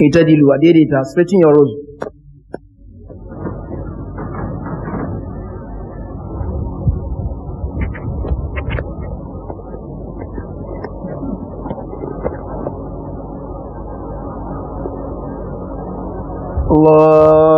itadilu a daidaita stretching your rope Allah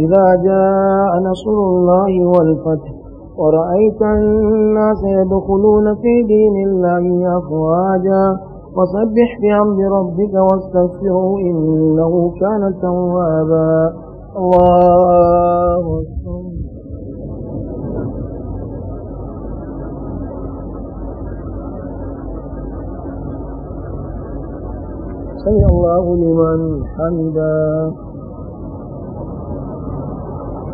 إذا جاء نصر الله والفتح ورأيت الناس يدخلون في دين الله أفواجا فسبح بحمد ربك واستغفره إنه كان توابا الله أكبر سمع الله لمن حمده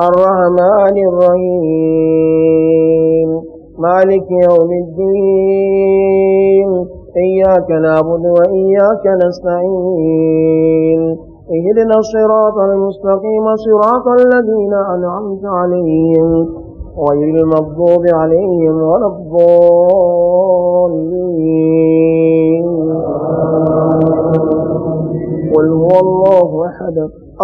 الرحمن الرحيم مالك يوم الدين إياك نعبد وإياك نستعين اهدنا الصراط المستقيم صراط الذين أنعمت عليهم غير المغضوب عليهم ولا الضالين الله أحد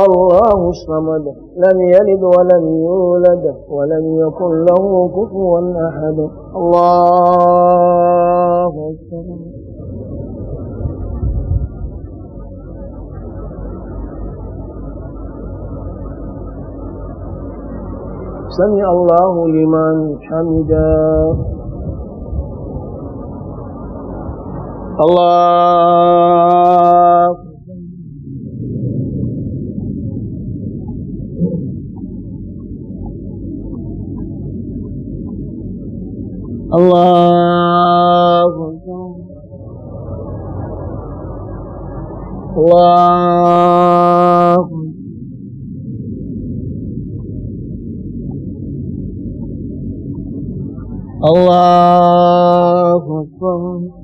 الله الصمد لم يلد ولم يولد ولم يكن له كفوا أحد الله أكبر سمع الله لمن حمده الله الله الله الله أكبر